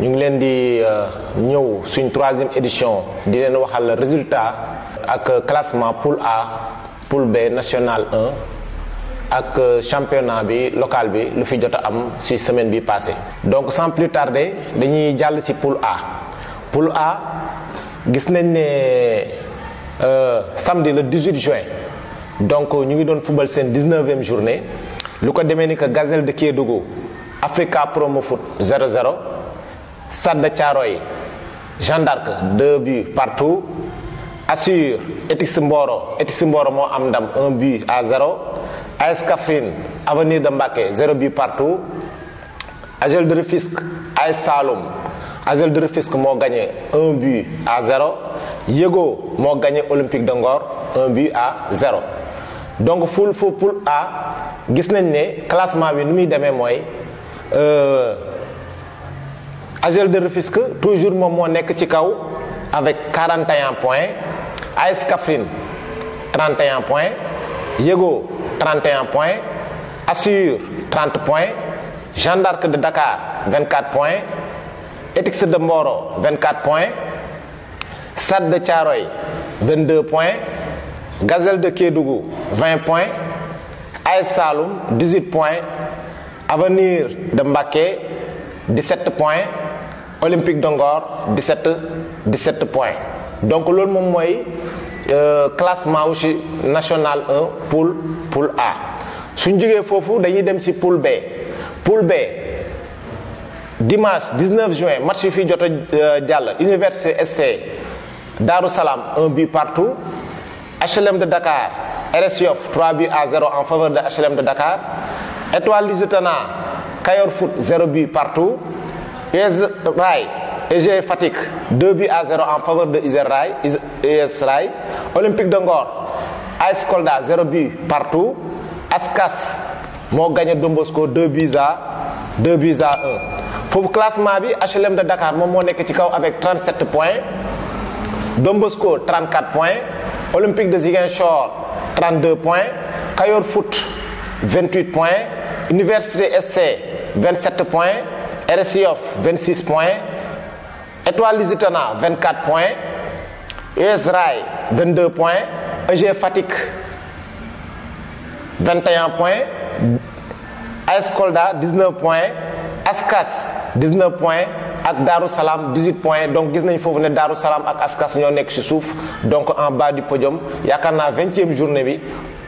Nous ngi leen di euh, ñëw une troisième édition di leen waxal résultat ak euh, classement poule A poule B national 1 le euh, championnat local bi lu fi jot a am semaine passée. donc sans plus tarder dañuy jàll ci poule A poule A gis nañ ne samedi le 18 juin donc ñu ngi doon football 19e journée lu ko de ni Gazelle de Kédougou Africa Promo Foot 0-0. Sade de Jean d'Arc deux buts partout Assur Étis Mboro un but à zéro AS Kaffrine Avenir de zéro but partout Agel de Aes AS Saloum gagné un but à zéro Yego moi, gagné Olympique Dangor, un but à zéro donc full fu pour A gis classement bi AGEL de Rufisque toujours Momo moo avec 41 points AS Kafrin, 31 points Yego 31 points Assur 30 points Jean d'Arc de Dakar 24 points Etix de Moro, 24 points Sad de Tcharoy, 22 points Gazelle de Kédougou 20 points AS Saloum 18 points Avenir de Mbake, 17 points Olympique d'Ongor, 17 17 points donc loolu moom mooy euh, classement wu national 1 poule poule A suñ jógee fofu dañuy dem ci poule B poule B dimanche 19 juin match fi fii dial euh, Université SC Darussalam Salam 1 but partout HLM de Dakar rsiof 3 buts à 0 en faveur de HLM de Dakar Étoile Lusitana Kayor Foot 0 but partout. US Rai. EG Fatik 2 buts à 0 en faveur de US Rai Olympique de Ice Kolda 0 buts partout. Askas Mo gagné Dombosco 2 buts à 2 buts à 1 le classement bi HLM de Dakar moom moo avec 37 points Dombosco 34 points Olympique de Ziguinchor 32 points Kayor Foot 28 points Université SC 27 points. RSIOF 26 points, Étoile Lusitana 24 points, US 22 points, EG Fatik 21 points, Ascolda 19 points, ASCAS 19 points ak Daru Salam 18 points donc il nañ venir ne Salam ak ASCAS ñoo donc en bas du podium Il y yaakaar 20 e journée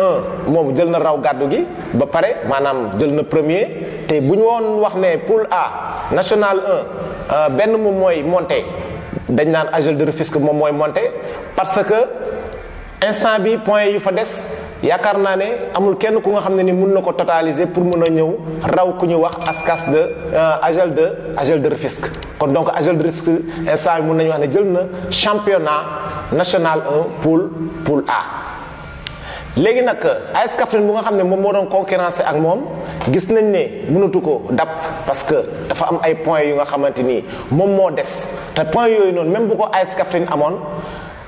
un mom de raw gi ba premier té buñ won A national 1 euh, ben monté Agel de Rufisque monté parce que instant bi point yu fa dess pour a ñëw raw ku de euh, Agel de Agel de Rufisque donc Agel de Rufisque instant championnat national 1 poule poule A. léegi nag AS Kaffrine bu nga xam ne moom moo doon concurrencé ak moom gis nañ ne mënatu ko dab parce que dafa am ay points yu nga xamante ni moom moo des te points yooyu noonu même bu ko AS Kaffrine amoon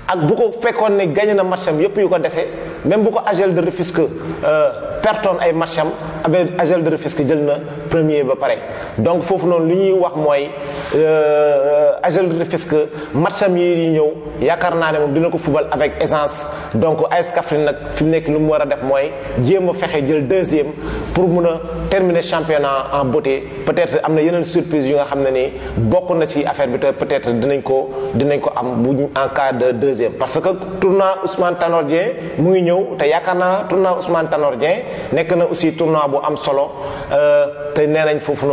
ak bu ko fekkoon ne gagné na matcham yépp yu ko dese même bu ko AGEL de Rufisque euh, pertoon ay matcham avec ah ben, AGEL de Rufisque jël na premier ba pare donc foofu noonu lu ñuy wax mooy euh, AGEL de Rufisque matcham yi di ñëw yaakaar naa ne moom dina ko fubal avec essence donc AS Kaffrine nag fi mu nekk lu mu war a def mooy jéem a fexe jël deuxième pour mun a terminer championnat en beauté peut-être am na yeneen surprise yu nga xam ne ni bokk na ci affaire bi te peut-être dinañ ko dinañ ko am bu en cas de parce que tournoi Ousmane Tanordien muy mu te yakarna tournoi Ousmane Tanordien nek na aussi tournoi bu am solo euh, te nenañ fofu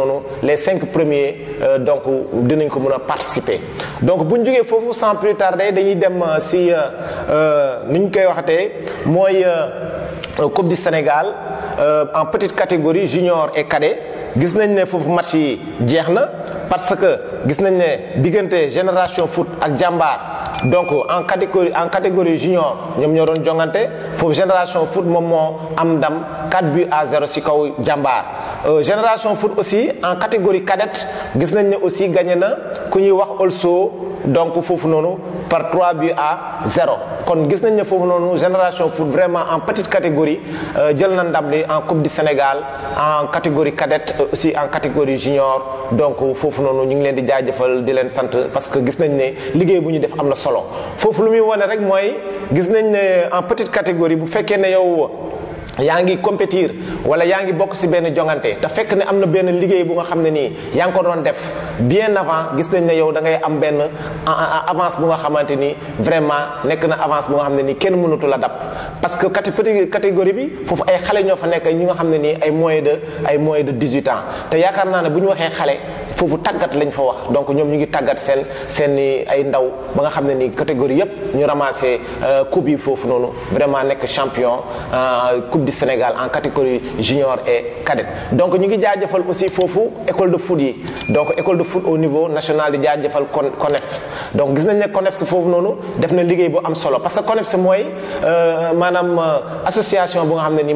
les 5 premiers euh, donc dinañ ko mëna participer donc buñ joggé fofu sans plus tarder dañuy dem euh, si euh ñu koy Coupe du Sénégal en petite catégorie junior et cadet gis nañ ne fofu match yi jeex parce que gis nañ ne diggante génération foot ak jambar donc en catégorie en catégorie junior ñoom ñoo doon jongante génération foot moom am dam 4 buts à 0 si kaw euh, génération foot aussi en catégorie cadette gis nañ ne aussi gagné na ku ñuy wax also donc par 3 buts à 0 kon gis nañ ne foofu noonu génération foot vraiment en petite catégorie euh, jël na ndam li en coupe du Sénégal en catégorie cadette euh, aussi en catégorie junior donc foofu noonu ñu ngi leen di jaajëfal di leen parce que gis nañ ne liggéey bu ñu def solo foofu lu muy wane rek mooy gis nañ ne en petite catégorie bu fekkee ne yow yaa compétir wala yaa ngi jongante te fekk ne am na benn def bien avant gis yow da ngay am avance bu nga vraiment nekk avance bu nga xam parce que catégorie catégorie bi foofu ay les ñoo fa nga ne ay moyen de de 18 ans te yaakaar naa ne bu ñu waxee xale foofu lañ donc ngi ay ndaw nga catégorie ñu ramassé euh, coupe vraiment champion euh, coupe du Sénégal en catégorie junior et cadette donc nous ngi aussi fofu école de foot donc école de foot au niveau national de jaajëfal con donc gis nañ ne CONEFS fofu nono def na am solo parce que CONEFS mooy euh, madame euh, association bu nga xam ni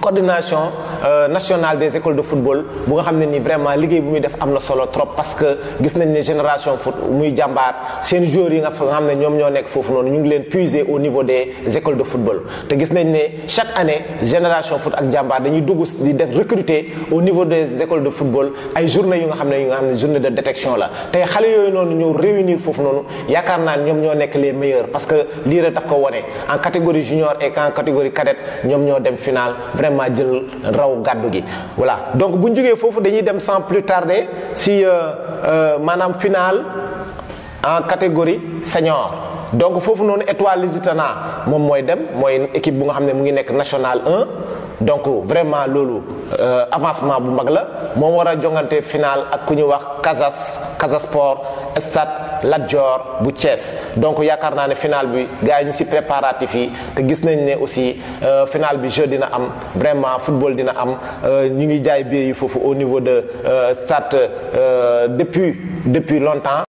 coordination euh, nationale des écoles de football bu nga xamné ni vraiment liggéey bu muy def amna solo trop parce que gis nañ né génération foot muy jàmbaar seen joueurs yi nga xamné ñom ñoom ñoo nekk foofu noonu ñu ngi leen puiser au niveau des écoles de football. te gis nañ né chaque année génération foot ak jàmbaar dañuy dugg di def recruter au niveau des écoles de football ay journée yu nga xamné yu nga xamné journée de détection la tay xalé yoy noonu ñu réunir fofu noonu yaakaar naa ñoom ñoo nekk les meilleurs parce que li rek daf ko woné en catégorie junior et en catégorie cadette ñom ñoo dem finale vraiment jël raw gàddu gi voilà donc bu ñu fofu dañuy dem sans plus tarder si euh, euh, manam final en catégorie senior donc fofu non étoile Lusitana mom moy dem moy équipe bu nga xamné mu ngi nek national 1 donc vraiment loolu euh, avancement bu mag la moom war a jongante finale ak kuñu kazasport wax Casas Casa Stade Lat bu Thiès donc yaakaar naa ne final bi gars yi ñu si préparatif yi te gis nañ ne aussi euh, final bi jeu dina am vraiment football dina am euh, ñu ngi jaay biir yi foofu au niveau de euh, euh depuis depuis longtemps